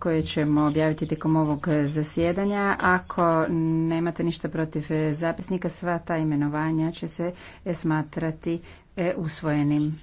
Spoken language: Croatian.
koje ćemo objaviti tijekom ovog zasjedanja. Ako nemate ništa protiv zapisnika, sva ta imenovanja će se smatrati e, usvojenim.